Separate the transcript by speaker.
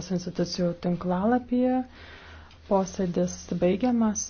Speaker 1: ES institucijų tinklalapyje. Posėdis baigiamas.